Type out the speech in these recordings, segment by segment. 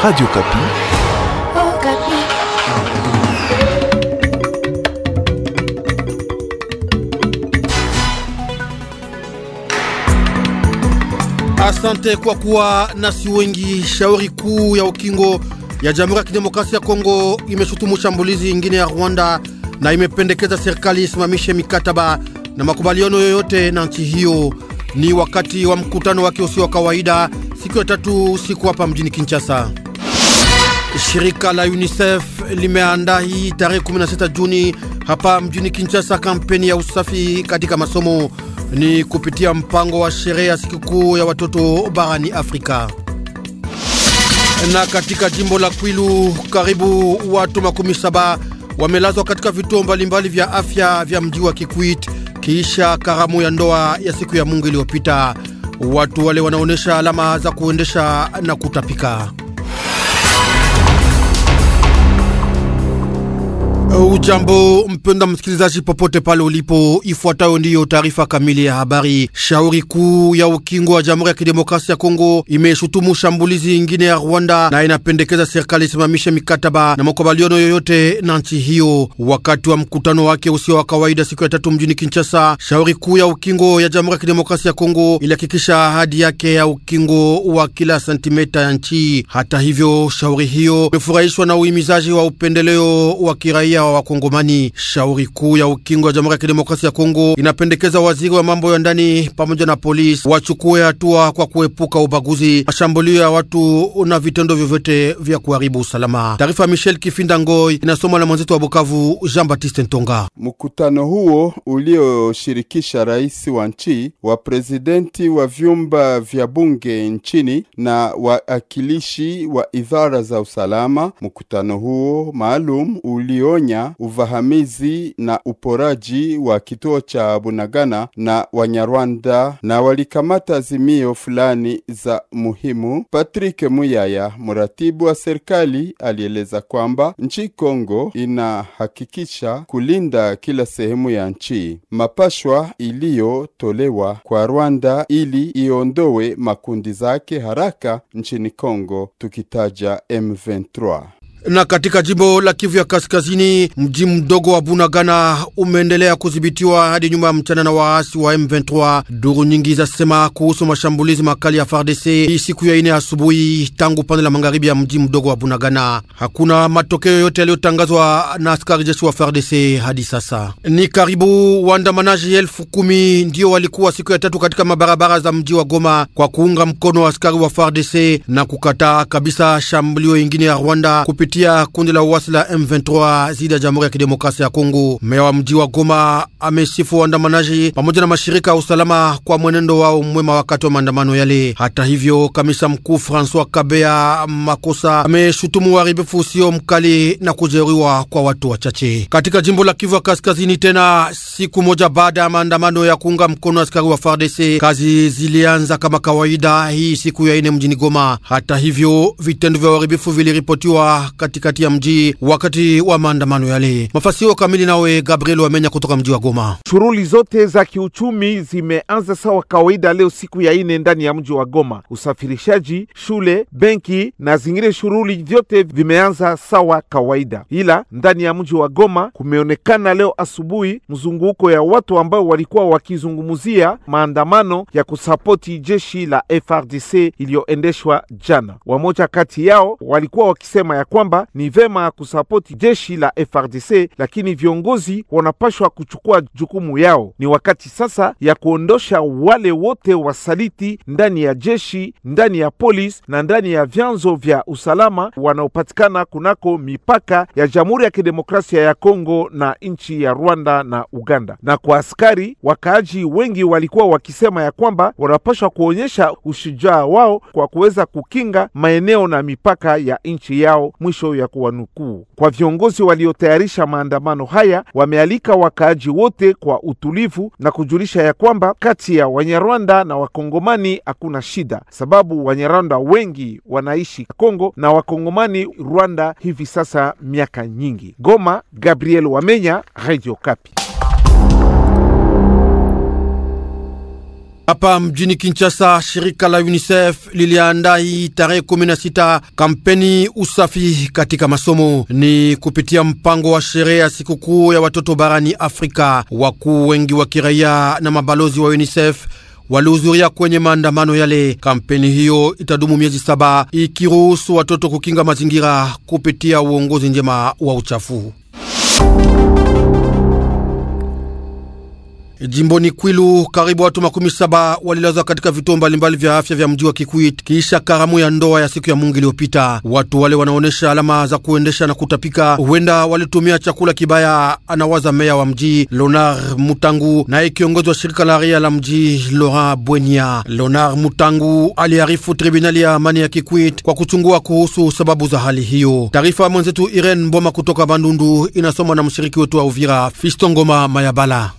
Radio Kapi. Oh, Kapi. Asante kwa kuwa nasi wengi. Shauri kuu ya ukingo ya Jamhuri ya Kidemokrasia ya Kongo imeshutumu shambulizi ingine ya Rwanda na imependekeza serikali isimamishe mikataba na makubaliano yoyote na nchi hiyo. Ni wakati wa mkutano wake usio wa kawaida siku ya tatu usiku hapa mjini Kinshasa. Shirika la UNICEF limeandaa hii tarehe 16 Juni hapa mjini Kinshasa kampeni ya usafi katika masomo ni kupitia mpango wa sherehe ya sikukuu ya watoto barani Afrika. Na katika jimbo la Kwilu karibu watu makumi saba wamelazwa katika vituo mbalimbali vya afya vya mji wa Kikwit kiisha karamu ya ndoa ya siku ya Mungu iliyopita. Watu wale wanaonyesha alama za kuendesha na kutapika. Ujambo mpenda msikilizaji, popote pale ulipo, ifuatayo ndiyo taarifa kamili ya habari. Shauri kuu ya ukingo wa Jamhuri ya Kidemokrasia ya Kongo imeshutumu shambulizi ingine ya Rwanda na inapendekeza serikali isimamishe mikataba na makubaliano yoyote na nchi hiyo. Wakati wa mkutano wake usio wa kawaida siku ya tatu mjini Kinshasa, shauri kuu ya ukingo ya Jamhuri ya Kidemokrasia ya Kongo ilihakikisha ahadi yake ya ukingo wa kila sentimeta ya nchi. Hata hivyo, shauri hiyo imefurahishwa na uhimizaji wa upendeleo wa kiraia raia wa Wakongomani. Shauri kuu ya ukingo wa Jamhuri ya Kidemokrasia ya Kongo inapendekeza waziri wa mambo ya ndani pamoja na polisi wachukue hatua kwa kuepuka ubaguzi, mashambulio ya watu na vitendo vyovyote vya kuharibu usalama. Taarifa ya Michel Kifinda Ngoi inasomwa na mwenzetu wa Bukavu, Jean Baptiste Ntonga. Mkutano huo ulioshirikisha rais wa nchi, waprezidenti wa vyumba vya bunge nchini na waakilishi wa idhara za usalama. Mkutano huo maalum ulionya Kenya uvahamizi na uporaji wa kituo cha Bunagana na Wanyarwanda na walikamata azimio fulani za muhimu. Patrick Muyaya, mratibu wa serikali, alieleza kwamba nchi Kongo inahakikisha kulinda kila sehemu ya nchi. Mapashwa iliyotolewa kwa Rwanda ili iondowe makundi zake haraka nchini Kongo, tukitaja M23 na katika jimbo la Kivu ya Kaskazini, mji mdogo wa Bunagana umeendelea kudhibitiwa hadi nyuma ya mchana na waasi wa M23. Duru nyingi zasema kuhusu mashambulizi makali ya FARDC hii siku ya ine asubuhi tangu pande la magharibi ya mji mdogo wa Bunagana. Hakuna matokeo yote yaliyotangazwa na askari jeshi wa FARDC hadi sasa. Ni karibu waandamanaji elfu kumi ndiyo walikuwa siku ya tatu katika mabarabara za mji wa Goma kwa kuunga mkono askari wa FARDC na kukataa kabisa shambulio ingine ya Rwanda kupita kupitia kundi la uasi la M23 zidi ya Jamhuri ya Kidemokrasia ya Kongo. Meya wa mji wa Goma amesifu waandamanaji pamoja na mashirika ya usalama kwa mwenendo wao mwema wakati wa maandamano yale. Hata hivyo, kamisa mkuu Francois Kabea Makosa ameshutumu uharibifu usio mkali na kujeruhiwa kwa watu wachache katika jimbo la Kivu ya Kaskazini. Tena siku moja baada ya maandamano ya kuunga mkono askari wa FARDC, kazi zilianza kama kawaida hii siku ya ine mjini Goma. Hata hivyo, vitendo vya uharibifu viliripotiwa katikati ya mji wakati wa maandamano yale. Mafasio kamili nawe Gabriel Wamenya kutoka mji wa Goma. Shughuli zote za kiuchumi zimeanza sawa kawaida leo siku ya ine ndani ya mji wa Goma. Usafirishaji, shule, benki na zingine shughuli vyote vimeanza sawa kawaida, ila ndani ya mji wa Goma kumeonekana leo asubuhi mzunguko ya watu ambao walikuwa wakizungumzia maandamano ya kusapoti jeshi la FRDC iliyoendeshwa jana. Wamoja kati yao walikuwa wakisema ya kwamba kwamba ni vema kusapoti jeshi la FRDC, lakini viongozi wanapashwa kuchukua jukumu yao. Ni wakati sasa ya kuondosha wale wote wasaliti ndani ya jeshi, ndani ya polisi na ndani ya vyanzo vya usalama wanaopatikana kunako mipaka ya Jamhuri ya Kidemokrasia ya Kongo na nchi ya Rwanda na Uganda. Na kwa askari, wakaaji wengi walikuwa wakisema ya kwamba wanapashwa kuonyesha ushujaa wao kwa kuweza kukinga maeneo na mipaka ya nchi yao. Mwisho mwisho ya kuwanukuu. Kwa viongozi waliotayarisha maandamano haya, wamealika wakaaji wote kwa utulivu na kujulisha ya kwamba kati ya Wanyarwanda na Wakongomani hakuna shida, sababu Wanyarwanda wengi wanaishi Kongo na Wakongomani Rwanda hivi sasa miaka nyingi. Goma, Gabriel Wamenya, Radio Kapi. Hapa mjini Kinshasa, shirika la UNICEF liliandaa hii tarehe 16 kampeni usafi katika masomo. Ni kupitia mpango wa sherehe ya sikukuu ya watoto barani Afrika. Wakuu wengi wa kiraia na mabalozi wa UNICEF walihudhuria kwenye maandamano yale. Kampeni hiyo itadumu miezi saba, ikiruhusu watoto kukinga mazingira kupitia uongozi njema wa uchafu. Jimboni Kwilu, karibu watu makumi saba walilazwa katika vituo mbalimbali vya afya vya mji wa Kikwit kiisha karamu ya ndoa ya siku ya Mungu iliyopita. Watu wale wanaonyesha alama za kuendesha na kutapika, huenda walitumia chakula kibaya, anawaza meya wa mji Lonar Mutangu, naye kiongozi wa shirika la ria la mji Lora bwenia Leonard Mutangu aliarifu tribunali ya amani ya Kikwit kwa kuchungua kuhusu sababu za hali hiyo. Taarifa mwenzetu Irene Mboma kutoka Bandundu inasomwa na mshiriki wetu wa Uvira fistongoma Mayabala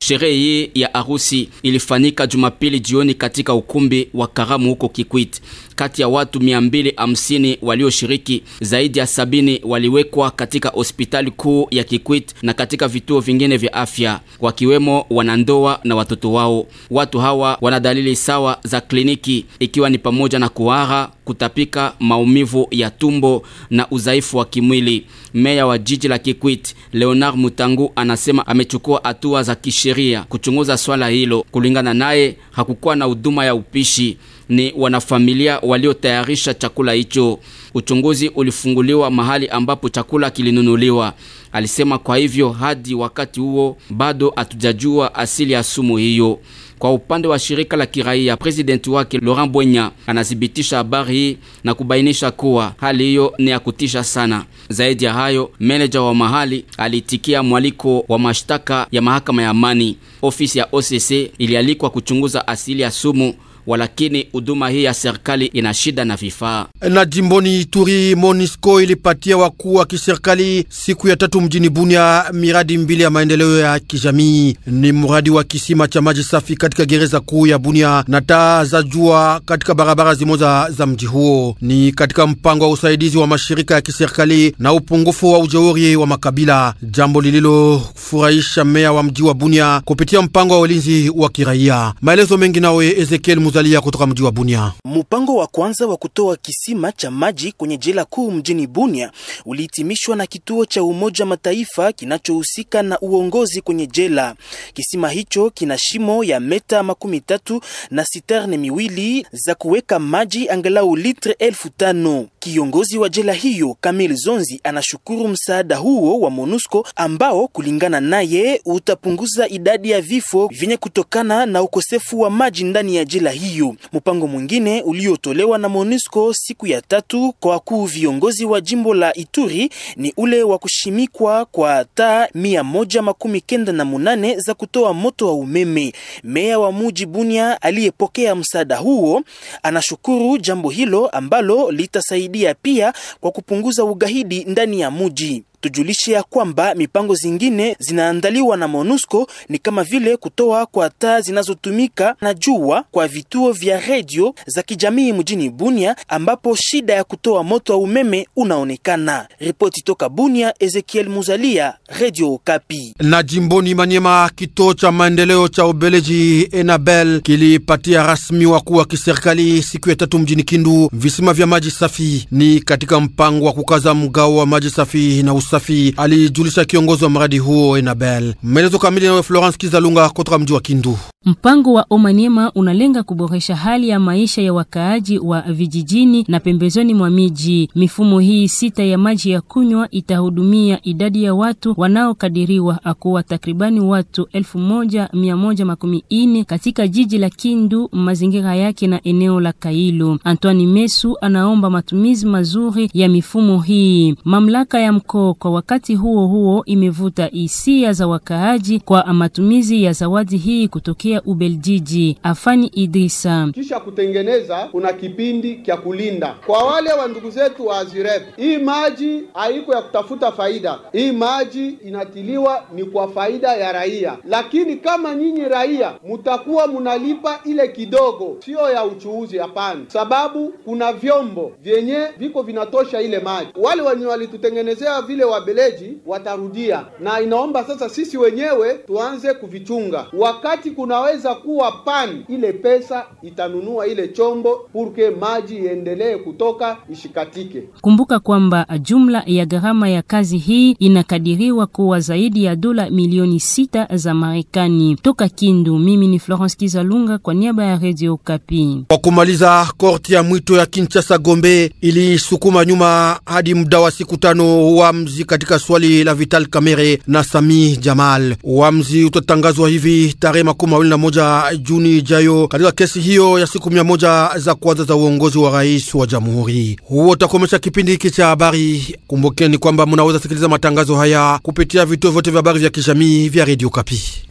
ya harusi ilifanyika Jumapili jioni katika ukumbi wa karamu huko Kikwit. Kati ya watu 250 walioshiriki, zaidi ya sabini waliwekwa katika hospitali kuu ya Kikwit na katika vituo vingine vya afya, wakiwemo wanandoa na watoto wao. Watu hawa wana dalili sawa za kliniki, ikiwa ni pamoja na kuhara kutapika, maumivu ya tumbo na udhaifu wa kimwili. Meya wa jiji la Kikwit Leonard Mutangu anasema amechukua hatua za kisheria kuchunguza swala hilo. Kulingana naye, hakukuwa na huduma ya upishi ni wanafamilia waliotayarisha chakula hicho. Uchunguzi ulifunguliwa mahali ambapo chakula kilinunuliwa, alisema. Kwa hivyo hadi wakati huo bado hatujajua asili ya sumu hiyo. Kwa upande wa shirika la kiraia, presidenti wake Laurent Bwenya anathibitisha habari hii na kubainisha kuwa hali hiyo ni ya kutisha sana. Zaidi ya hayo, meneja wa mahali alitikia mwaliko wa mashtaka ya mahakama ya amani. Ofisi ya OCC ilialikwa kuchunguza asili ya sumu walakini huduma hii ya serikali ina shida na vifaa. Na jimboni Ituri, Monisco ilipatia wakuu wa kiserikali siku ya tatu mjini Bunia miradi mbili ya maendeleo ya kijamii. Ni mradi wa kisima cha maji safi katika gereza kuu ya Bunia na taa za jua katika barabara zimoja za mji huo. Ni katika mpango wa usaidizi wa mashirika ya kiserikali na upungufu wa ujeuri wa makabila, jambo lililofurahisha meya wa mji wa Bunia kupitia mpango wa ulinzi wa kiraia. Maelezo mengi nawe Ezekiel kuzalia kutoka mji wa Bunia. Mpango wa kwanza wa kutoa kisima cha maji kwenye jela kuu mjini Bunia ulihitimishwa na kituo cha Umoja Mataifa kinachohusika na uongozi kwenye jela. Kisima hicho kina shimo ya meta makumi tatu na siterne miwili za kuweka maji angalau litre elfu tano. Kiongozi wa jela hiyo Kamil Zonzi anashukuru msaada huo wa MONUSCO ambao kulingana naye utapunguza idadi ya vifo vyenye kutokana na ukosefu wa maji ndani ya jela hiyo. Mpango mwingine uliotolewa na MONUSCO siku ya tatu kwa wakuu viongozi wa jimbo la Ituri ni ule wa kushimikwa kwa taa mia moja makumi kenda na munane za kutoa moto wa umeme. Meya wa muji Bunia aliyepokea msaada huo anashukuru jambo hilo ambalo litasaidia kusaidia pia kwa kupunguza ugaidi ndani ya muji. Tujulishe ya kwamba mipango zingine zinaandaliwa na MONUSCO ni kama vile kutoa kwa taa zinazotumika na jua kwa vituo vya redio za kijamii mjini Bunia ambapo shida ya kutoa moto wa umeme unaonekana. Ripoti toka Bunia, Ezekiel Muzalia, Radio Okapi. Na jimboni Manyema, kituo cha maendeleo cha Ubeleji Enabel kilipatia rasmi wakuu wa kiserikali siku ya tatu mjini Kindu visima vya maji safi, ni katika mpango wa kukaza mgao wa maji safi na usi safi, alijulisha kiongozi wa mradi huo Enabel. Maelezo kamili nawe Florence Kizalunga kutoka mji wa Kindu. Mpango wa Omaniema unalenga kuboresha hali ya maisha ya wakaaji wa vijijini na pembezoni mwa miji. Mifumo hii sita ya maji ya kunywa itahudumia idadi ya watu wanaokadiriwa kuwa takribani watu elfu moja mia moja makumi ine katika jiji la Kindu, mazingira yake na eneo la Kailo. Antoani Mesu anaomba matumizi mazuri ya mifumo hii. Mamlaka ya mkoo kwa wakati huo huo imevuta hisia za wakaaji kwa matumizi ya zawadi hii kutokea kutokea Ubeljiji. Afani Idrisa: kisha kutengeneza kuna kipindi kya kulinda kwa wale wa ndugu zetu wa Azirep. Hii maji haiko ya kutafuta faida, hii maji inatiliwa ni kwa faida ya raia, lakini kama nyinyi raia mutakuwa munalipa ile kidogo, sio ya uchuuzi, hapana, sababu kuna vyombo vyenye viko vinatosha ile maji. Wale wenye walitutengenezea vile wabeleji watarudia, na inaomba sasa sisi wenyewe tuanze kuvichunga wakati kuna inaweza kuwa pani, ile pesa itanunua ile chombo purke maji iendelee kutoka ishikatike. Kumbuka kwamba jumla ya gharama ya kazi hii inakadiriwa kuwa zaidi ya dola milioni sita za Marekani. Toka Kindu, mimi ni Florence Kizalunga kwa niaba ya Radio Kapi. Kwa kumaliza, korti ya mwito ya Kinshasa Gombe ilisukuma nyuma hadi muda wa siku tano uamuzi katika swali la Vital Kamerhe na Sami Jamal. wamzi utatangazwa hivi tarehe makumi mawili 21 Juni ijayo katika kesi hiyo ya siku 100 za kwanza za uongozi wa rais wa jamhuri. Huo utakomesha kipindi hiki cha habari. Kumbukeni kwamba munaweza sikiliza matangazo haya kupitia vituo vyote vya habari vya kijamii vya Radio Kapi.